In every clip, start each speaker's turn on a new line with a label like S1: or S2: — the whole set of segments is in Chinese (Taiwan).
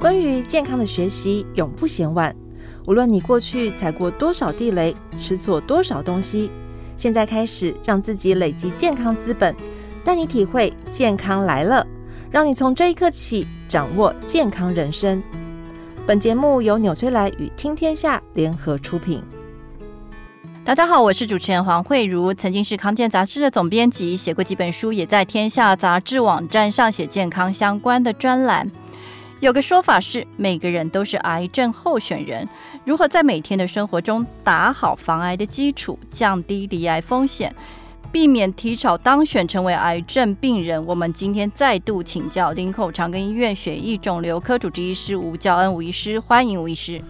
S1: 關於健康的學習，永不嫌晚。無論你過去踩過多少地雷，吃錯多少東西，現在開始讓自己累積健康資本，帶你體會健康來了，讓你從這一刻起掌握健康人生。本節目由紐崔萊與聽天下聯合出品。大家好，我是主持人黃惠如，曾經是康健雜誌的總編輯，寫過幾本書，也在天下雜誌網站上寫健康相關的專欄。有個說法是，每個人都是癌症候選人。如何在每天的生活中打好防癌的基礎，降低罹癌風險，避免提早當選成為癌症病人？我們今天再度請教林口長庚醫院血液腫瘤科主治醫師吳教恩吳醫師，歡迎吳醫師。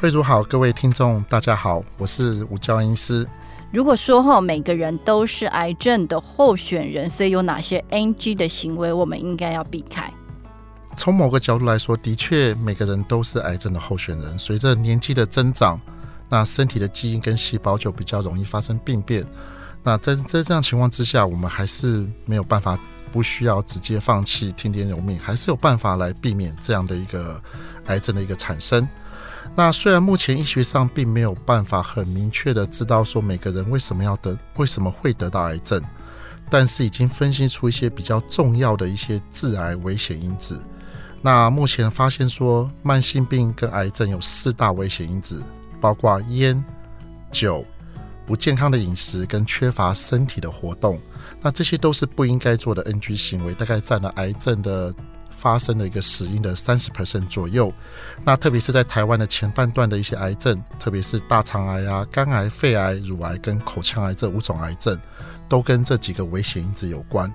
S2: 惠如好，各位聽眾大家好，我是吳教恩醫師。
S1: 如果說後每個人都是癌症的候選人，所以有哪些 NG 的行為，我們應該要避開？
S2: 從某個角度來說，的確每個人都是癌症的候選人。隨着年紀的增長，那身體的基因跟細胞就比較容易發生病變。那在在這樣情況之下，我們還是沒有辦法，不需要直接放棄，聽天由命，還是有辦法來避免這樣的一個癌症的一個產生。那雖然目前醫學上並沒有辦法很明確的知道說每個人為什麼要得，為什麼會得到癌症，但是已經分析出一些比較重要的一些致癌危險因子。那目前發現說，慢性病跟癌症有四大危險因子，包括煙、酒、不健康的飲食跟缺乏身體的活動。那這些都是不應該做的 NG 行為，大概占了癌症的發生的一個死因的三十 percent 左右。那特別是在台灣的前半段的一些癌症，特別是大腸癌啊、肝癌、肺癌、乳癌跟口腔癌這五種癌症。都跟這幾個危險因子有關，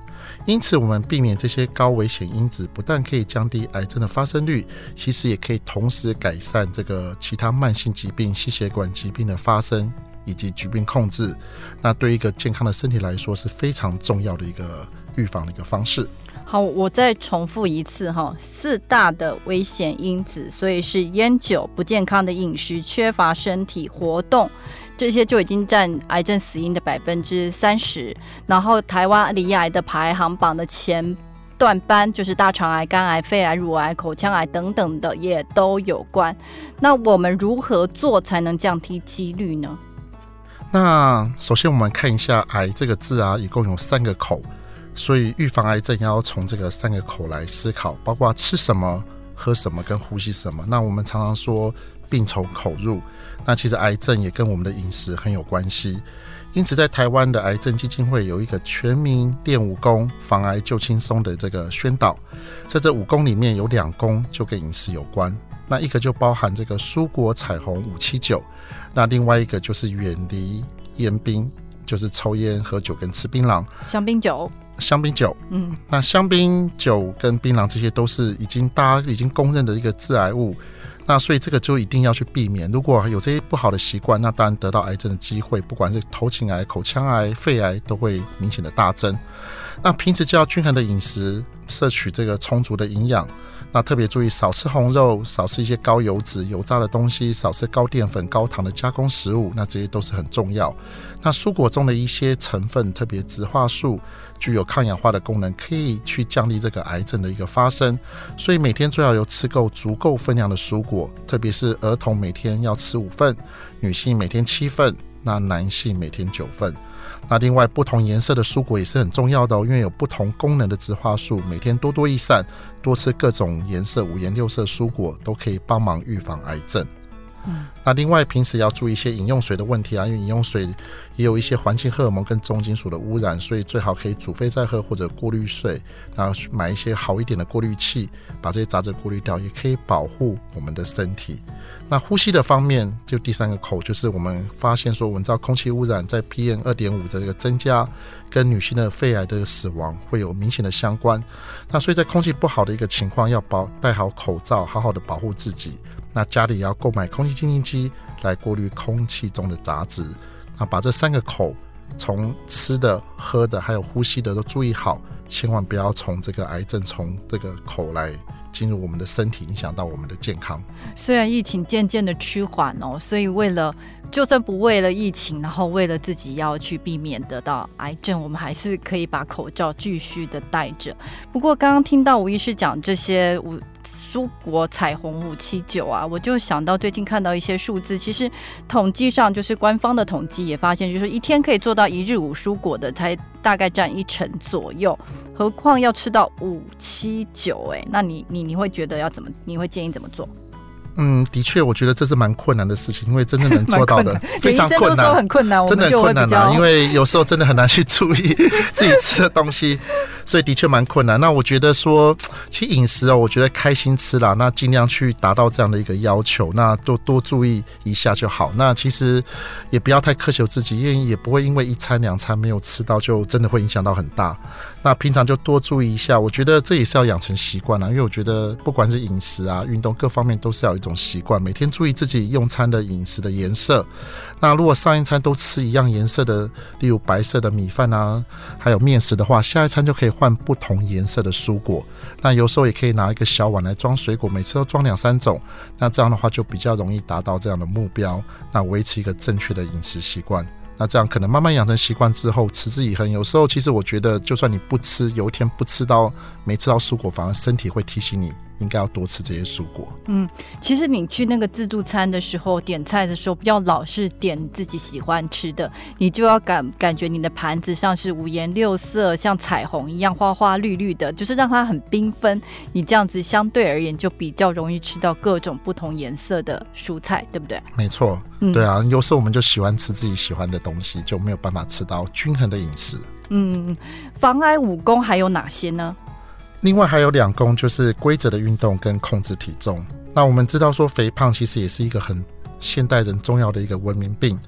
S2: 因此我們避免這些高危險因子，不但可以降低癌症的發生率，其實也可以同時改善這個其他慢性疾病、心血管疾病的發生以及疾病控制。那對一個健康的身體來說是非常重要的一個預防的一個方式。
S1: 好，我再重複一次哈，四大的危險因子，所以是菸酒、不健康的飲食、缺乏身體活動。這些就已經占癌症死因的百分之三十。然後，台灣罹癌的排行榜的前段班，就是大腸癌、肝癌、肺癌、乳癌、口腔癌等等的，也都有關。那我們如何做才能降低幾率呢？
S2: 那首先，我們看一下“癌”這個字啊，一共有三個口，所以預防癌症要從這個三個口來思考，包括吃什麼、喝什麼、跟呼吸什麼。那我們常常說。病從口入，那其實癌症也跟我們的飲食很有關係。因此，在台灣的癌症基金會有一個全民練五功防癌就輕鬆的這個宣導，在這五功裡面有兩功就跟飲食有關，那一個就包含這個蔬果彩虹五七九，那另外一個就是遠離菸檳，就是抽菸、喝酒跟吃檳榔、
S1: 香檳酒。香檳酒，嗯，
S2: 那香檳酒跟檳榔這些都是已經大家已經公認的一個致癌物，那所以這個就一定要去避免。如果有這些不好的習慣，那當然得到癌症的機會，不管是頭頸癌、口腔癌、肺癌，都會明顯的大增。那平時就要均衡的飲食，攝取這個充足的營養。那特別注意少吃紅肉，少吃一些高油脂、油炸的東西，少吃高澱粉、高糖的加工食物，那這些都是很重要。那蔬果中的一些成分，特別植化素，具有抗氧化的功能，可以去降低這個癌症的一個發生。所以每天最好有吃夠足夠分量的蔬果，特別是兒童每天要吃五份，女性每天七份，那男性每天九份。那另外，不同顏色的蔬果也是很重要的哦，因為有不同功能的植化素，每天多多益善，多吃各種顏色、五顏六色蔬果，都可以幫忙預防癌症。嗯，那另外平時要注意一些飲用水的問題啊，因為飲用水也有一些環境荷爾蒙跟重金屬的污染，所以最好可以煮沸再喝或者過濾水，然後買一些好一點的過濾器，把這些雜質過濾掉，也可以保護我們的身體。那呼吸的方面，就第三個口，就是我們發現說，我們知道空氣污染在 PM 二點五的這個增加，跟女性的肺癌的死亡會有明顯的相關。那所以在空氣不好的一個情況，要保戴好口罩，好好的保護自己。那家裡要購買空氣清新機來過濾空氣中的雜質。那把這三個口，從吃的、喝的，還有呼吸的都注意好，千萬不要從這個癌症從這個口來進入我們的身體，影響到我們的健康。
S1: 雖然疫情漸漸的趨緩哦，所以為了就算不為了疫情，然後為了自己要去避免得到癌症，我們還是可以把口罩繼續的戴着。不過剛剛聽到吳醫師講這些，蔬果彩虹五七九啊，我就想到最近看到一些數字，其實統計上就是官方的統計也發現，就是一天可以做到一日五蔬果的，才大概占一成左右。何況要吃到五七九，哎，那你你你會覺得要怎麼？你會建議怎麼做？
S2: 嗯，的確，我覺得這是蠻困難的事情，因為真的能做到的非常困難。醫生都說很困難，真的困難了、啊，因為有時候真的很難去注意自己吃的東西。 所以的確蠻困難。那我覺得說，其實飲食啊、喔，我覺得開心吃啦，那盡量去達到這樣的一個要求，那多多注意一下就好。那其實也不要太苛求自己，因為也不會因為一餐兩餐沒有吃到，就真的會影響到很大。那平常就多注意一下，我覺得這也是要養成習慣了，因為我覺得不管是飲食啊、運動各方面，都是要有一種習慣，每天注意自己用餐的飲食的顏色。那如果上一餐都吃一樣顏色的，例如白色的米飯啊，還有麵食的話，下一餐就可以。換不同顏色的蔬果，那有時候也可以拿一個小碗來裝水果，每次都裝兩三種，那這樣的話就比較容易達到這樣的目標，那維持一個正確的飲食習慣，那這樣可能慢慢養成習慣之後，持之以恆。有時候其實我覺得，就算你不吃，有一天不吃到沒吃到蔬果，反而身體會提醒你。應該要多吃這些蔬果。
S1: 嗯，其實你去那個自助餐的時候，點菜的時候不要老是點自己喜歡吃的，你就要感感覺你的盤子上是五顏六色，像彩虹一樣，花花綠綠的，就是讓它很繽紛。你這樣子相對而言就比較容易吃到各種不同顏色的蔬菜，對不對？
S2: 沒錯，對啊。有時候我們就喜歡吃自己喜歡的東西，就沒有辦法吃到均衡的飲食。
S1: 嗯，防癌武功還有哪些呢？
S2: 另外還有兩功，就是規則的運動跟控制體重。那我們知道說，肥胖其實也是一個很現代人重要的一個文明病。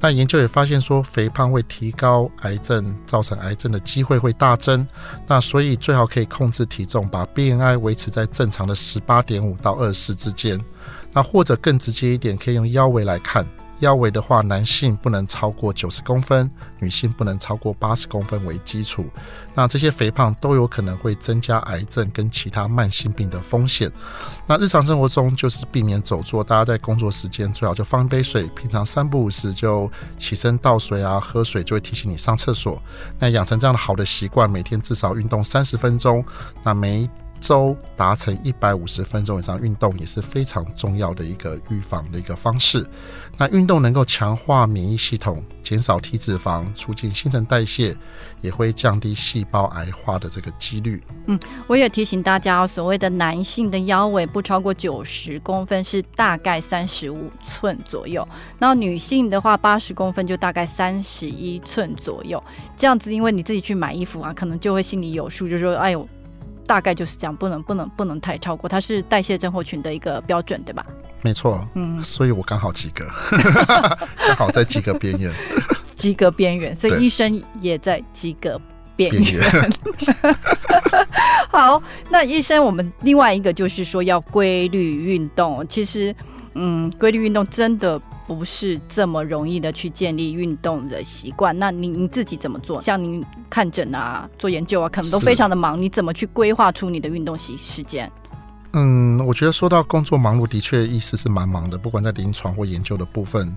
S2: 那研究也發現說，肥胖會提高癌症，造成癌症的機會會大增。那所以最好可以控制體重，把 BMI 維持在正常的18.5到24之間。那或者更直接一點，可以用腰圍來看。腰圍的話，男性不能超過九十公分，女性不能超過八十公分為基礎。那這些肥胖都有可能會增加癌症跟其他慢性病的風險。那日常生活中就是避免久坐，大家在工作時間最好就放一杯水，平常三不五時就起身倒水啊，喝水就會提醒你上廁所。那養成這樣的好的習慣，每天至少運動三十分鐘。那每週達成一百五十分鐘以上運動也是非常重要的一個預防的一個方式。那運動能夠強化免疫系統，減少體脂肪，促進新陳代謝，也會降低細胞癌化的這個幾率。
S1: 嗯，我也提醒大家哦，所謂的男性的腰圍不超過九十公分，是大概三十五寸左右；那女性的話，八十公分就大概三十一寸左右。這樣子，因為你自己去買衣服啊，可能就會心裡有數，就說：“哎呦。”大概就是這樣，不能不能不能太超過，它是代謝症候群的一個標準，對吧？
S2: 沒錯錯，嗯，所以我剛好及格，剛 好在及格邊緣，
S1: 及格邊緣，所以醫生也在及格邊緣。邊 好，那醫生，我們另外一個就是說要規律運動，其實，嗯，規律運動真的。不是這麼容易的，去建立運動的習慣。那您您自己怎麼做？像您看診啊，做研究啊，可能都非常的忙，是你怎麼去規劃出你的運動時時間？
S2: 嗯，我覺得說到工作忙碌，的確意思是蠻忙的，不管在臨床或研究的部分。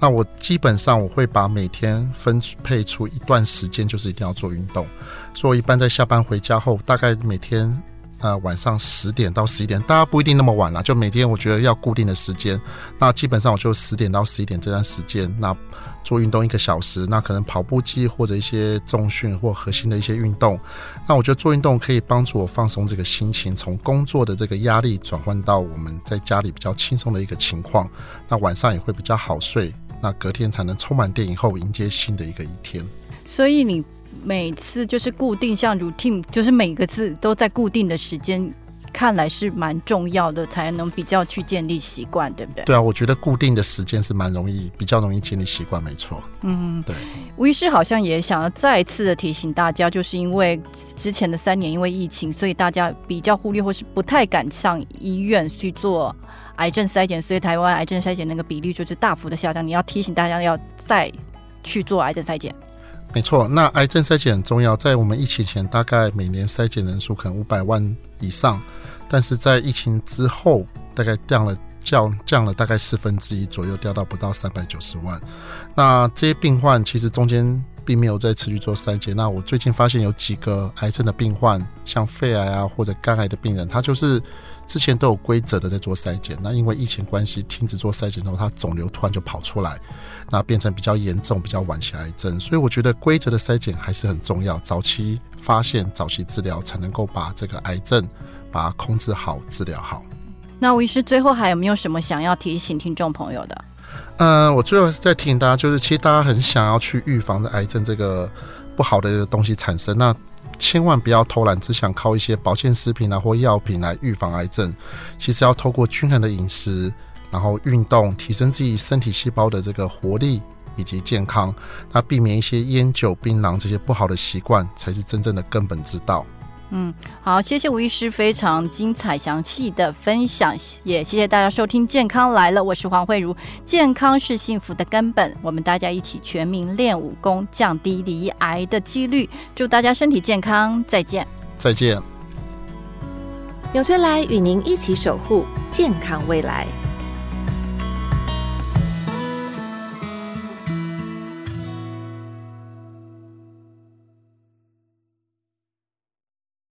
S2: 那我基本上我會把每天分配出一段時間，就是一定要做運動。所以我一般在下班回家後，大概每天。呃，晚上十點到十一點，大家不一定那麼晚啦。就每天，我覺得要固定的時間。那基本上我就十點到十一點這段時間，那做運動一個小時，那可能跑步機或者一些重訓或核心的一些運動。那我覺得做運動可以幫助我放鬆這個心情，從工作的這個壓力轉換到我們在家裡比較輕鬆的一個情況。那晚上也會比較好睡，那隔天才能充滿電以後迎接新的一個一天。
S1: 所以你。每次就是固定，像 routine，就是每個字都在固定的時間，看來是蠻重要的，才能比較去建立習慣，對不對？對
S2: 啊，我覺得固定的時間是蠻容易，比較容易建立習慣，沒錯。嗯，對。
S1: 吳醫師好像也想要再次的提醒大家，就是因為之前的三年因為疫情，所以大家比較忽略或是不太敢上醫院去做癌症篩檢，所以台灣癌症篩檢那個比例就是大幅的下降。你要提醒大家要再去做癌症篩檢。
S2: 沒錯，那癌症篩檢很重要。在我們疫情前，大概每年篩檢人數可能五百萬以上，但是在疫情之後，大概降了，降，降了大概四分之一左右，掉到不到三百九十萬。那這些病患其實中間並沒有在持續做篩檢。那我最近發現有幾個癌症的病患，像肺癌啊或者肝癌的病人，他就是。之前都有規則的在做篩檢，那因為疫情關係停止做篩檢之後，它腫瘤突然就跑出來，那變成比較嚴重、比較晚期癌症。所以我覺得規則的篩檢還是很重要，早期發現、早期治療才能夠把這個癌症把它控制好、治療好。
S1: 那吳醫師最後還有沒有什麼想要提醒聽眾朋友的？
S2: 嗯、呃，我最後再提醒大家，就是其實大家很想要去預防的癌症這個不好的東西產生那。千萬不要偷懶，只想靠一些保健食品啊或藥品來預防癌症。其實要透過均衡的飲食，然後運動，提升自己身體細胞的這個活力以及健康，那避免一些菸酒檳榔這些不好的習慣，才是真正的根本之道。
S1: 嗯，好，謝謝吳醫師非常精彩詳細的分享，也謝謝大家收聽《健康萊了》，我是黃惠如，健康是幸福的根本，我們大家一起全民練武功，降低罹癌的幾率，祝大家身體健康，再見，再見，紐崔萊與您一起守護健康未來。